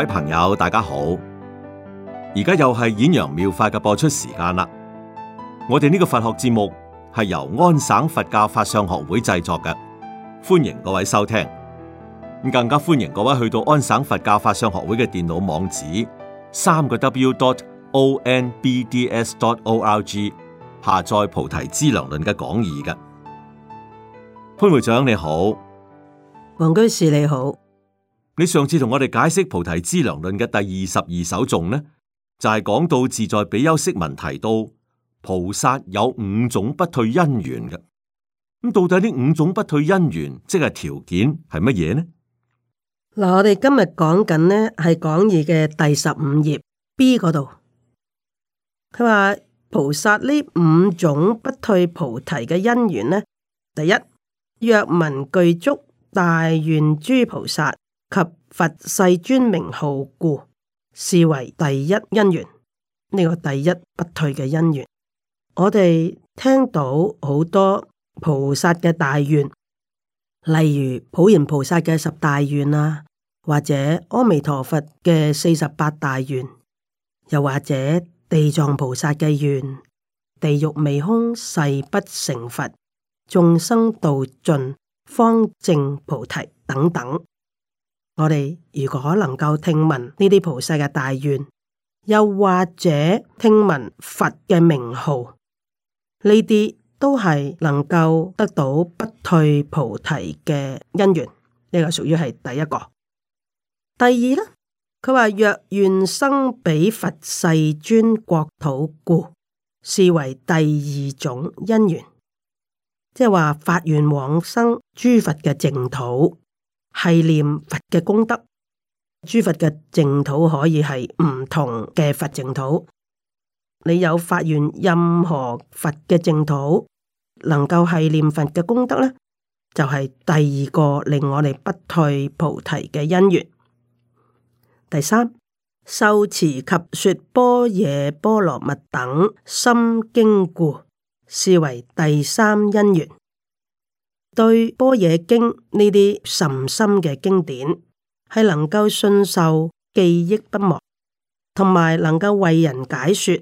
各位朋友，大家好！而家又係演揚妙,妙法嘅播出時間啦。我哋呢個佛學節目係由安省佛教法相學會製作嘅，歡迎各位收聽。咁更加歡迎各位去到安省佛教法相學會嘅電腦網址，三個 W 點 O N B D S 點 O R G 下載《菩提資糧論》嘅講義嘅。潘會長你好，黃居士你好。你上次同我哋解釋《菩提資糧論》嘅第二十二首頌呢，就係、是、講到自在比丘釋文提到菩薩有五種不退因緣嘅，咁，到底呢五種不退因緣即係條件係乜嘢呢？嗱，我哋今日講緊呢係講義嘅第十五頁 B 嗰度，佢話菩薩呢五種不退菩提嘅因緣呢，第一若聞具足大願諸菩薩。及佛世尊名號故，視為第一因緣。呢、這個第一不退嘅因緣，我哋聽到好多菩薩嘅大願，例如普賢菩薩嘅十大願啊，或者阿彌陀佛嘅四十八大願，又或者地藏菩薩嘅願：地獄未空，誓不成佛；眾生度盡，方證菩提等等。我哋如果能夠聽聞呢啲菩薩嘅大願，又或者聽聞佛嘅名號，呢啲都係能夠得到不退菩提嘅因緣，呢、呢個屬於係第一個。第二呢，佢話若願生彼佛世尊國土故，是為第二種因緣，即係話發願往生諸佛嘅淨土。係念佛嘅功德，諸佛嘅淨土可以係唔同嘅佛淨土。你有發現任何佛嘅淨土能夠係念佛嘅功德呢？就係、是、第二個令我哋不退菩提嘅因緣。第三，受持及說般若波羅蜜等心經故，視為第三因緣。對般若經呢啲甚深嘅經典，係能夠信受、記憶不忘，同埋能夠為人解說，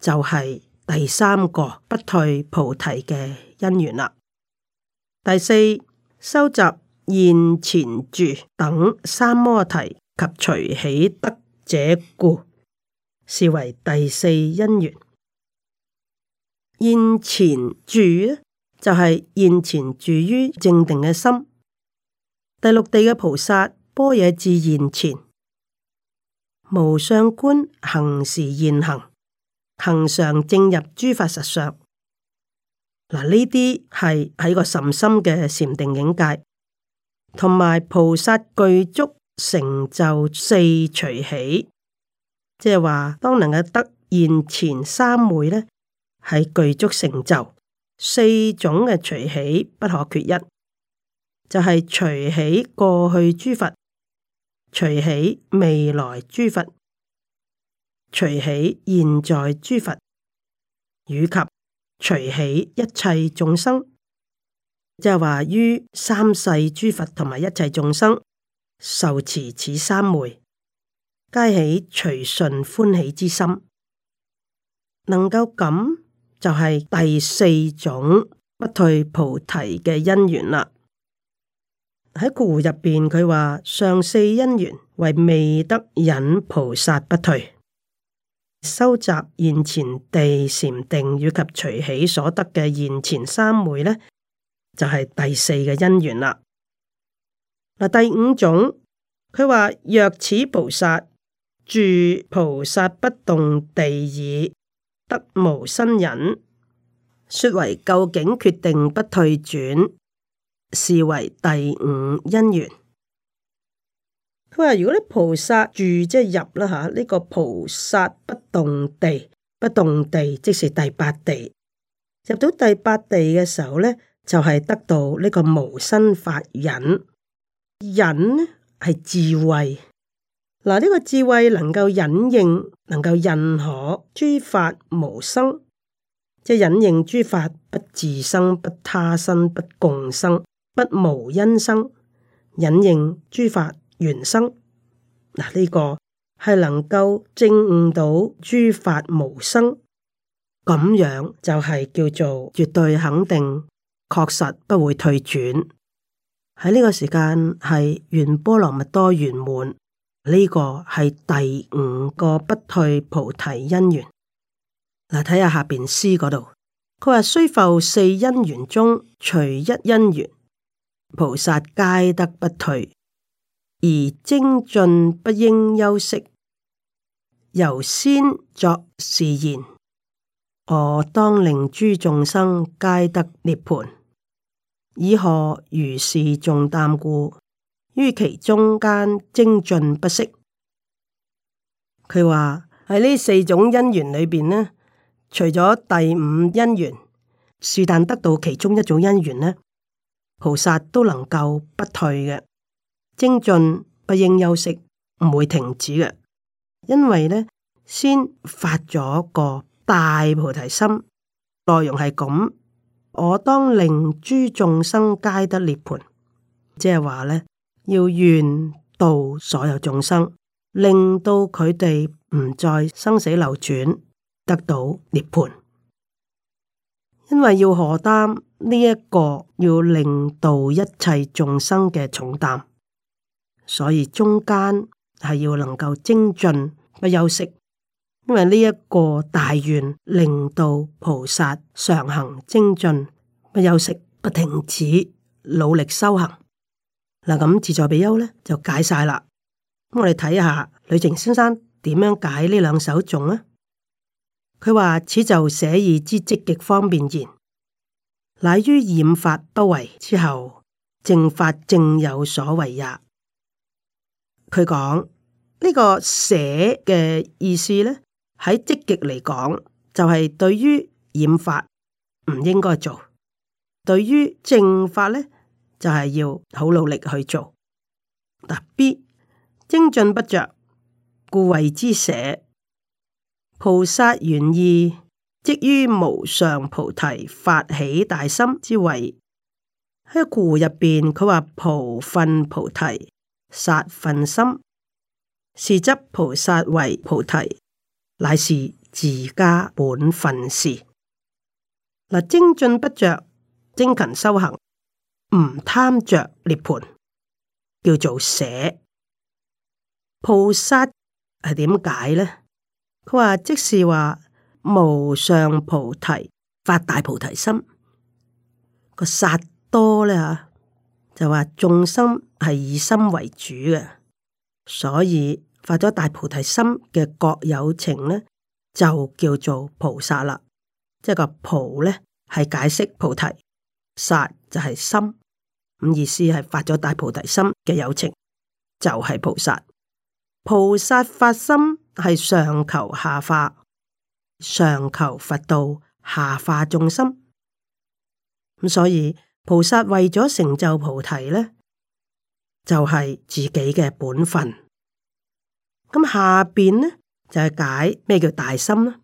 就係、是、第三個不退菩提嘅因緣啦。第四，收集現前住等三摩提及隨起得者故，是為第四因緣。現前住呢？就係現前住於正定嘅心，第六地嘅菩薩般若智現前，無相觀行時現行，行常正入諸法實相。嗱，呢啲係喺個甚深嘅禪定境界，同埋菩薩具足成就四隨起，即係話當能夠得現前三昧呢，係具足成就。四種嘅隨喜，不可缺一，就係、是、隨喜過去諸佛，隨喜未來諸佛，隨喜現在諸佛，以及隨喜一切眾生。就係話於三世諸佛同埋一切眾生受持此三昧，皆起隨順歡喜之心，能夠咁。就係第四種不退菩提嘅因緣啦。喺故入邊，佢話上四因緣為未得忍，菩薩不退，收集現前地禪定以及隨喜所得嘅現前三昧呢，就係、是、第四嘅因緣啦。嗱，第五種，佢話若此菩薩住菩薩不動地耳。得無生忍，說為究竟決定不退轉，是為第五因緣。佢話如果呢菩薩住即係、就是、入啦吓，呢、這個菩薩不動地，不動地即是第八地。入到第八地嘅時候呢，就係、是、得到呢個無生法忍，忍呢係智慧。嗱，呢個智慧能夠隱認，能夠認可諸法無生，即係隱認諸法不自生、不他生、不共生、不無因生，隱認諸法原生。嗱，呢個係能夠證悟到諸法無生，咁樣就係叫做絕對肯定，確實不會退轉。喺呢個時間係願波羅蜜多圓滿。呢個係第五個不退菩提因緣。嗱，睇下下邊詩嗰度，佢話雖浮四因緣中，隨一因緣，菩薩皆得不退，而精進不應休息。由先作是言：我當令諸眾生皆得涅槃，以何如是重擔故？於其中間精進不息，佢話喺呢四種因緣裏邊呢，除咗第五因緣，是但得到其中一種因緣呢，菩薩都能夠不退嘅，精進不應休息，唔會停止嘅，因為呢先發咗個大菩提心，內容係咁，「我當令諸眾生皆得涅槃」，即係話呢？要願度所有眾生，令到佢哋唔再生死流轉，得到涅槃。因為要何擔呢一個要令到一切眾生嘅重擔，所以中間係要能夠精進不休息，因為呢一個大願令到菩薩常行精進不休息，不停止努力修行。嗱，咁自在比優咧就解晒啦。咁我哋睇下呂澄先生點樣解呢兩首頌啊？佢話此就捨義之積極方面言，乃於染法不為之後，正法正有所為也。佢講呢個捨嘅意思咧，喺積極嚟講，就係、是、對於染法唔應該做，對於正法咧。就係要好努力去做。嗱，B 精進不着，故謂之舍菩薩願意，即於無上菩提發起大心之謂。喺故入邊，佢話菩訓菩提，薩訓心，是則菩薩為菩提，乃是自家本分事。嗱，精進不着，精勤修行。唔貪着涅盤，叫做捨。菩薩係點解呢？佢話即是話無上菩提發大菩提心個薩多咧吓，就話眾生係以心為主嘅，所以發咗大菩提心嘅各有情呢，就叫做菩薩啦。即係個菩咧係解釋菩提，薩就係心。咁意思係發咗大菩提心嘅友情就係、是、菩薩，菩薩發心係上求下化，上求佛道，下化眾生。咁所以菩薩為咗成就菩提呢，就係、是、自己嘅本分。咁下邊呢，就係、是、解咩叫大心啦。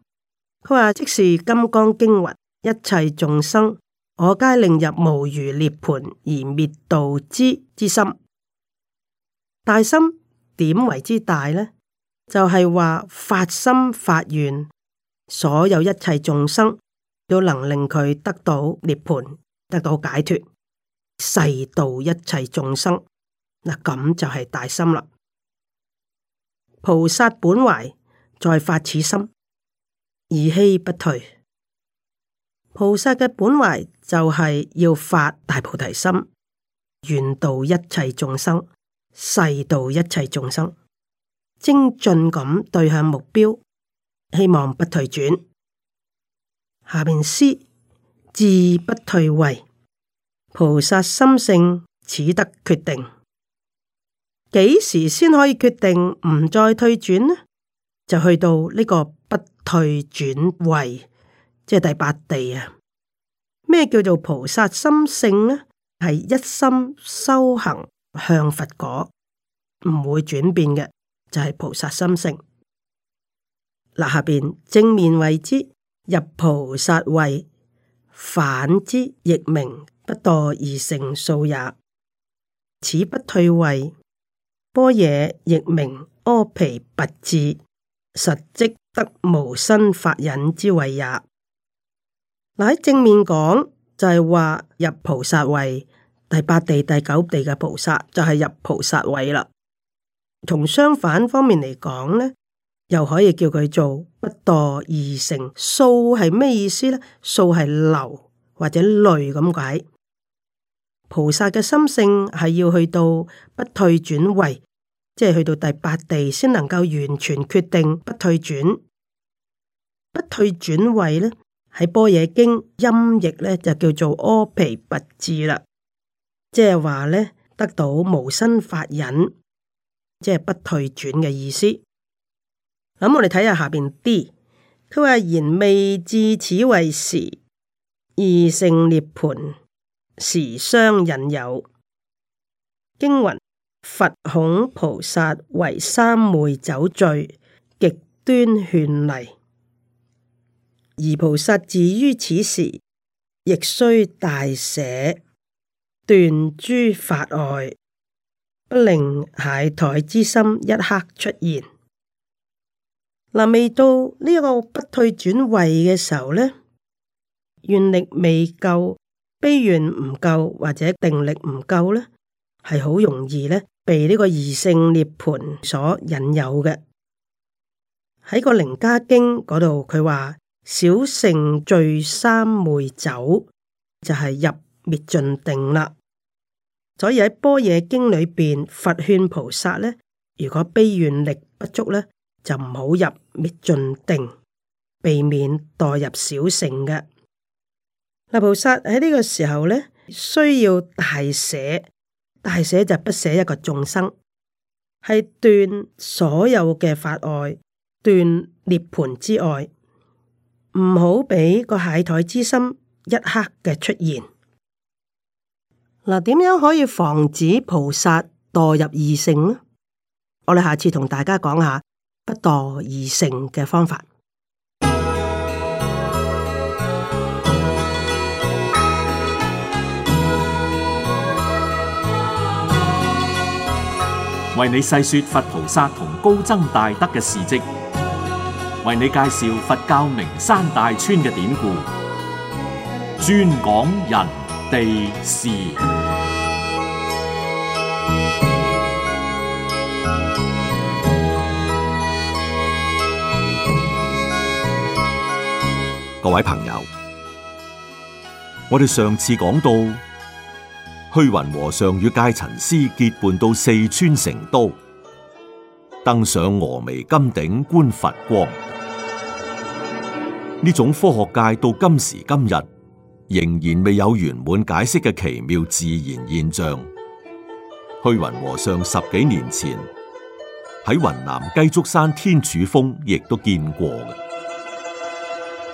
佢話即是金剛經云：一切眾生。我皆令入無餘涅槃而滅度之之心，大心點為之大呢？就係、是、話發心發願，所有一切眾生都能令佢得到涅槃，得到解脱，誓度一切眾生，嗱咁就係大心啦！菩薩本懷再發此心，以希不退。菩薩嘅本懷就係要發大菩提心，願度一切眾生，誓度一切眾生，精進咁對向目標，希望不退轉。下面詩自不退位，菩薩心性始得決定。幾時先可以決定唔再退轉呢？就去到呢個不退轉位。即係第八地啊！咩叫做菩薩心性呢？係一心修行向佛果，唔會轉變嘅就係、是、菩薩心性。嗱、啊，下邊正面為之入菩薩位，反之亦名不墮而成數也。此不退位波野亦名阿鞞跋致，實即得無生法忍之位也。喺正面講就係話入菩薩位第八地、第九地嘅菩薩就係入菩薩位啦。從相反方面嚟講呢，又可以叫佢做不墮二乘數係咩意思呢？素「數係流或者類咁解。菩薩嘅心性係要去到不退轉位，即係去到第八地先能夠完全決定不退轉。不退轉位呢。喺般若經音譯咧就叫做阿鞞跋致啦，即係話咧得到無生法忍，即係不退轉嘅意思。咁我哋睇下下邊啲，佢話然：「未至此為時，異性涅槃時相引有」。經云，佛恐菩薩為三昧酒醉，極端勸嚟。而菩薩至於此時，亦需大捨斷諸法愛，不令懈怠之心一刻出現。嗱、啊，未到呢一個不退轉位嘅時候呢，願力未夠，悲願唔夠，或者定力唔夠呢係好容易咧被呢個二性涅盤所引誘嘅。喺個《楞伽經》嗰度，佢話。小乘醉三昧酒就係、是、入滅盡定啦，所以喺般若經裏邊，佛勸菩薩呢，如果悲願力不足呢，就唔好入滅盡定，避免墮入小乘嘅。那菩薩喺呢個時候呢，需要大捨，大捨就不捨一個眾生，係斷所有嘅法愛，斷涅盤之愛。唔好俾個懈怠之心一刻嘅出現。嗱，點樣可以防止菩薩墮入二乘呢？我哋下次同大家講下不墮二乘嘅方法。為你細說佛菩薩同高僧大德嘅事跡。為你介紹佛教名山大川嘅典故，專講人地事。各位朋友，我哋上次講到虛雲和尚與戒塵師結伴到四川成都。登上峨眉金頂觀佛光，呢種科學界到今時今日仍然未有圓滿解釋嘅奇妙自然現象，虛雲和尚十幾年前喺雲南雞足山天柱峰亦都見過嘅，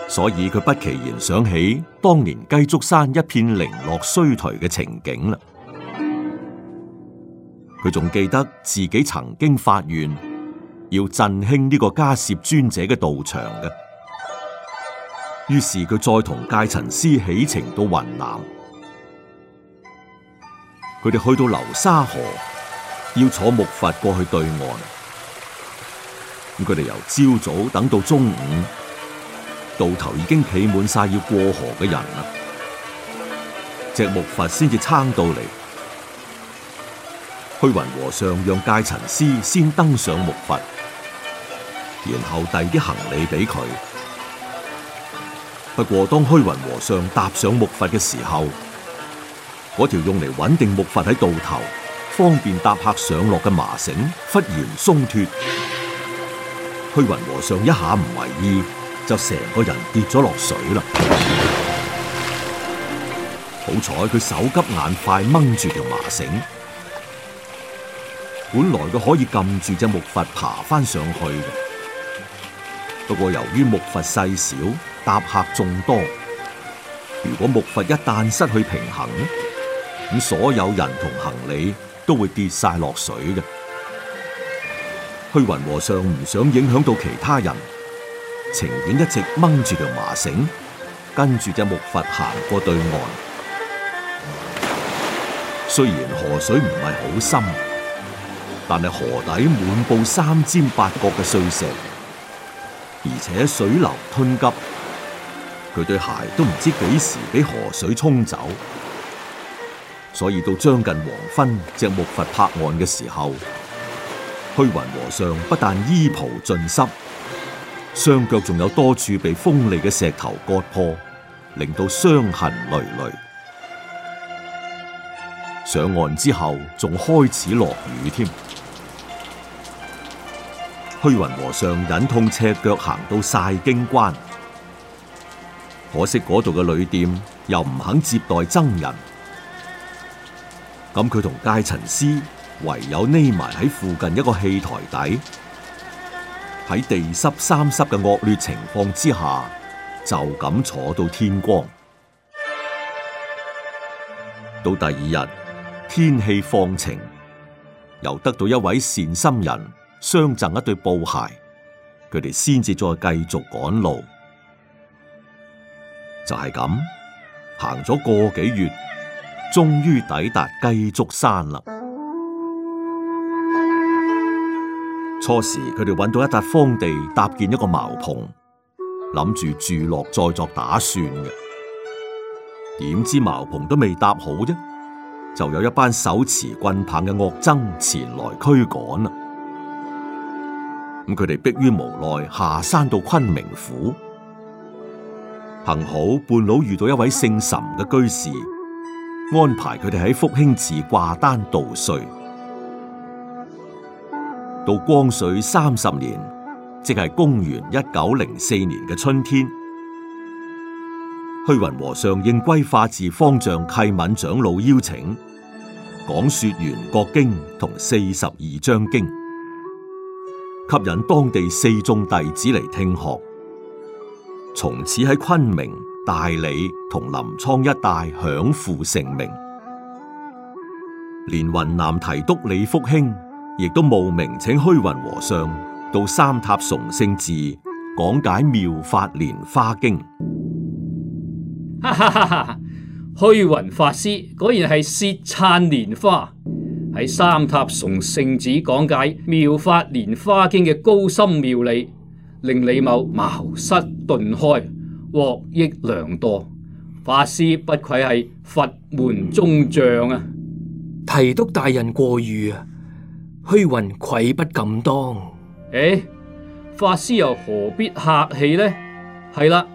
所以佢不期然想起當年雞足山一片零落衰頹嘅情景啦。佢仲記得自己曾經發願要振興呢個迦葉尊者嘅道場嘅，於是佢再同戒塵師起程到雲南。佢哋去到流沙河，要坐木筏過去對岸。咁佢哋由朝早等到中午，渡頭已經企滿晒要過河嘅人啦，隻木筏先至撐到嚟。虛雲和尚讓戒塵師先登上木筏，然後遞啲行李俾佢。不過，當虛雲和尚搭上木筏嘅時候，嗰條用嚟穩定木筏喺渡頭、方便搭客上落嘅麻繩忽然鬆脫，虛雲和尚一下唔為意，就成個人跌咗落水啦。 好彩佢手急眼快，掹住條麻繩。本來佢可以撳住隻木筏爬翻上去嘅，不過由於木筏細小，搭客眾多，如果木筏一旦失去平衡，咁所有人同行李都會跌晒落水嘅。虛雲和尚唔想影響到其他人，情願一直掹住條麻繩，跟住隻木筏行過對岸。雖然河水唔係好深。但係河底滿布三尖八角嘅碎石，而且水流湍急，佢對鞋都唔知幾時俾河水沖走，所以到將近黃昏，隻木筏拍岸嘅時候，虛雲和尚不但衣袍盡濕，雙腳仲有多處被鋒利嘅石頭割破，令到傷痕累累。上岸之後仲開始落雨添。虛雲和尚忍痛赤腳行到晒經關，可惜嗰度嘅旅店又唔肯接待僧人，咁佢同戒塵師唯有匿埋喺附近一個戲台底，喺地濕三濕嘅惡劣情況之下，就咁坐到天光。到第二日，天氣放晴，又得到一位善心人。相贈一對布鞋，佢哋先至再繼續趕路。就係咁行咗個幾月，終於抵達雞足山啦。初時佢哋搵到一笪荒地，搭建一個茅棚，諗住住落再作打算嘅。點知茅棚都未搭好啫，就有一班手持棍棒嘅惡僧前來驅趕啦。咁佢哋迫於無奈，下山到昆明府。幸好半老遇到一位姓岑嘅居士，安排佢哋喺福興寺掛單度歲，到光緒三十年，即係公元一九零四年嘅春天，虛雲和尚應歸化寺方丈契敏長老邀請，講說《圓覺經》同《四十二章經》。吸引當地四眾弟子嚟聽學，從此喺昆明、大理同臨滄一帶享負盛名。連雲南提督李福興亦都慕名請虛雲和尚到三塔崇聖寺講解《妙法蓮花經》。哈哈哈！虛雲法師果然係舌燦蓮花。喺三塔崇聖寺講解《妙法蓮花經》嘅高深妙理，令李某茅塞頓開，獲益良多。法師不愧係佛門中將啊！提督大人過譽啊，虛雲愧不敢當。誒，法師又何必客氣呢？係啦，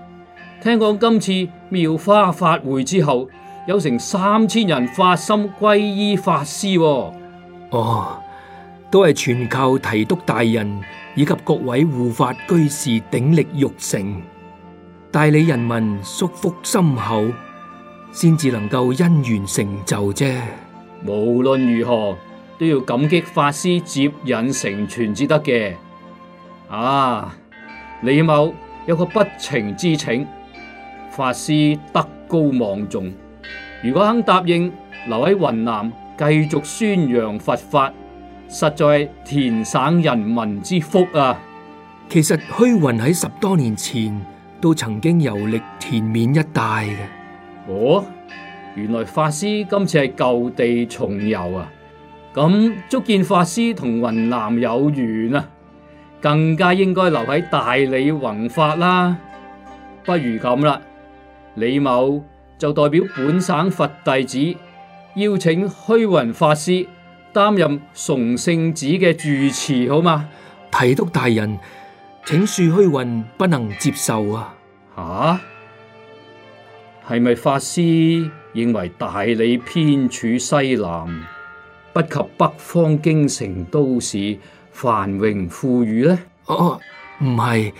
聽講今次妙法法會之後，有成三千人發心皈依法師，哦，都係全靠提督大人以及各位護法居士鼎力玉成，大理人民宿福深厚，先至能夠因緣成就啫。無論如何都要感激法師接引成全，至得嘅。啊，李某有個不情之請，法師德高望重。如果肯答應留喺雲南繼續宣揚佛法，實在是滇省人民之福啊！其實虛雲喺十多年前都曾經遊歷滇緬一帶嘅。哦，原來法師今次係舊地重遊啊！咁足見法師同雲南有緣啊，更加應該留喺大理弘法啦。不如咁啦，李某。就代表本省佛弟子邀請虛雲法師擔任崇聖寺嘅住持，好嗎？提督大人，請恕虛雲不能接受啊！吓、啊，係咪法師認為大理偏處西南，不及北方京城都市繁榮富裕呢？哦、啊，唔係，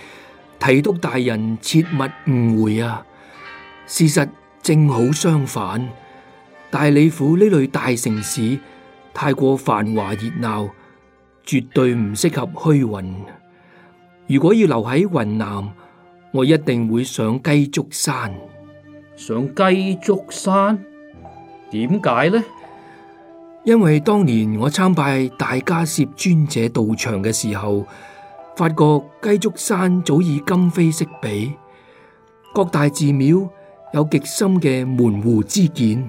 提督大人切勿誤會啊！事實。正好相反，大理府呢類大城市太過繁華熱鬧，絕對唔適合虛雲。如果要留喺雲南，我一定會上雞足山。上雞足山？點解呢？因為當年我參拜大迦葉尊者道場嘅時候，發覺雞足山早已今非昔比，各大寺廟。有極深嘅門戶之見，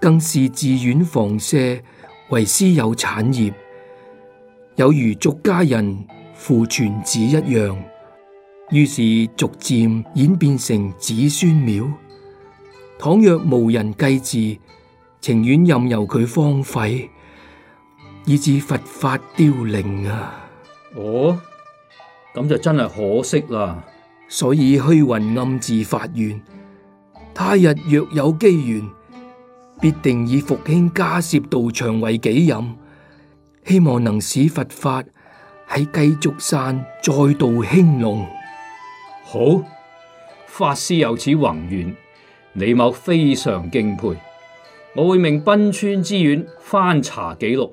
更視寺院房舍為私有產業，有如俗家人父傳子一樣，於是逐漸演變成子孫廟。倘若無人繼承，情願任由佢荒廢，以致佛法凋零啊！哦，咁就真係可惜啦。所以虛雲暗自發願。他日若有機緣，必定以復興迦葉道場為己任，希望能使佛法喺雞足山再度興隆。好，法師有此宏願，李某非常敬佩。我會命賓川知縣翻查記錄，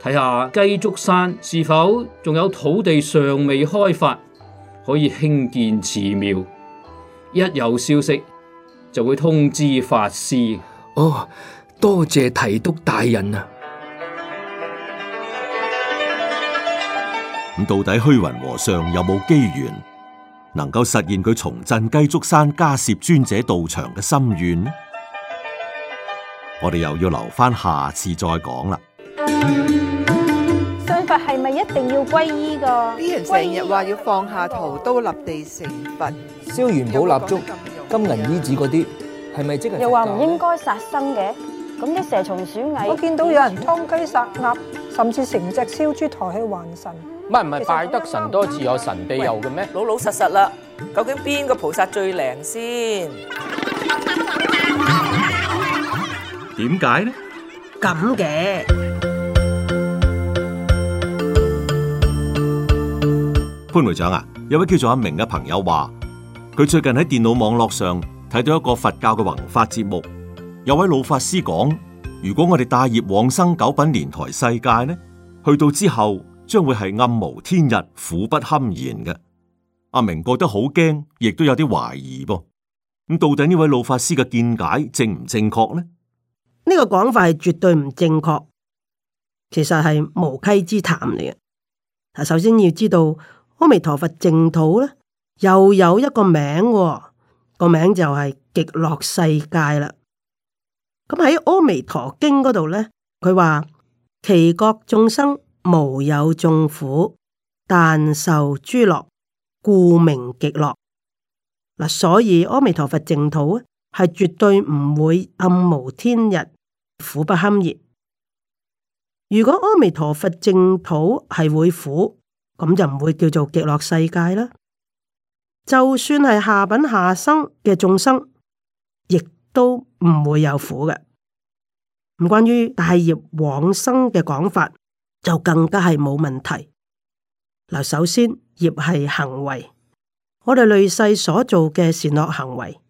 睇下雞足山是否仲有土地尚未開發，可以興建祠廟。一有消息。就會通知法師哦，多謝提督大人啊！咁到底虛雲和尚有冇機緣能夠實現佢重振雞足山、迦葉尊者道場嘅心願？我哋又要留返下次再講啦。信佛係咪一定要皈依㗎？啲人成日話要放下屠刀，立地成佛，燒元寶蠟燭。金銀衣紙嗰啲係咪即係？又話唔應該殺生嘅，咁啲蛇蟲鼠蟻，我見到有人劏雞殺鴨，甚至成隻燒豬抬去還神。唔係唔係，拜得神多自有神庇佑嘅咩？老老實實啦，究竟邊個菩薩最靈先？點解呢？咁嘅潘會長啊，有位叫做阿明嘅朋友話。佢最近喺電腦網絡上睇到一個佛教嘅弘法節目，有位老法師講：如果我哋帶業往生九品蓮台世界呢，去到之後將會係暗無天日、苦不堪言嘅。阿明覺得好驚，亦都有啲懷疑噃。咁到底呢位老法師嘅見解正唔正確呢？呢個講法係絕對唔正確，其實係無稽之談嚟嘅。啊，首先要知道阿彌陀佛淨土啦。又有一個名、哦，個名就係、是、極樂世界啦。咁喺阿彌陀經嗰度咧，佢話其國眾生無有眾苦，但受諸樂，故名極樂。嗱，所以阿彌陀佛淨土係絕對唔會暗無天日、苦不堪言。如果阿彌陀佛淨土係會苦，咁就唔會叫做極樂世界啦。就算係下品下生嘅眾生，亦都唔會有苦嘅。唔關於帶業往生嘅講法，就更加係冇問題。嗱，首先業係行為，我哋累世所做嘅善惡行為，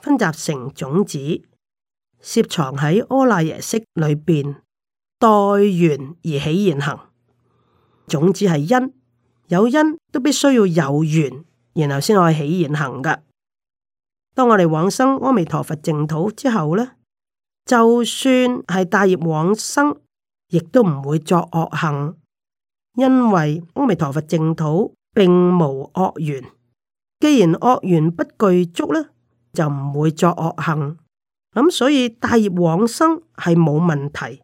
分集成種子，攝藏喺阿賴耶識裏邊，待緣而起現行。種子係因，有因都必須要有緣。然後先可以起現行㗎。當我哋往生阿彌陀佛淨土之後呢，就算係帶業往生，亦都唔會作惡行，因為阿彌陀佛淨土並無惡緣。既然惡緣不具足呢，就唔會作惡行。咁所以帶業往生係冇問題，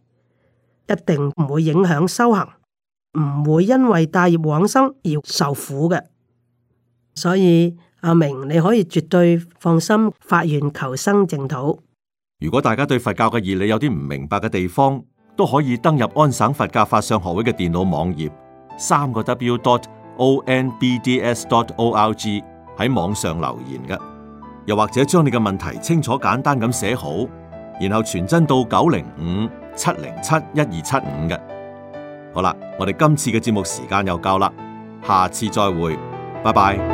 一定唔會影響修行，唔會因為帶業往生而受苦嘅。所以阿明，你可以絕對放心，發願求生淨土。如果大家對佛教嘅義理有啲唔明白嘅地方，都可以登入安省佛教法相學會嘅電腦網頁，三個 w.dot.o.n.b.d.s.dot.o.r.g 喺網上留言嘅，又或者將你嘅問題清楚簡單咁寫好，然後傳真到九零五七零七一二七五嘅。好啦，我哋今次嘅節目時間又夠啦，下次再會，拜拜。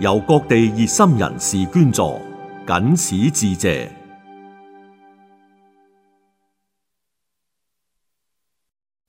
由各地熱心人士捐助，謹此致謝。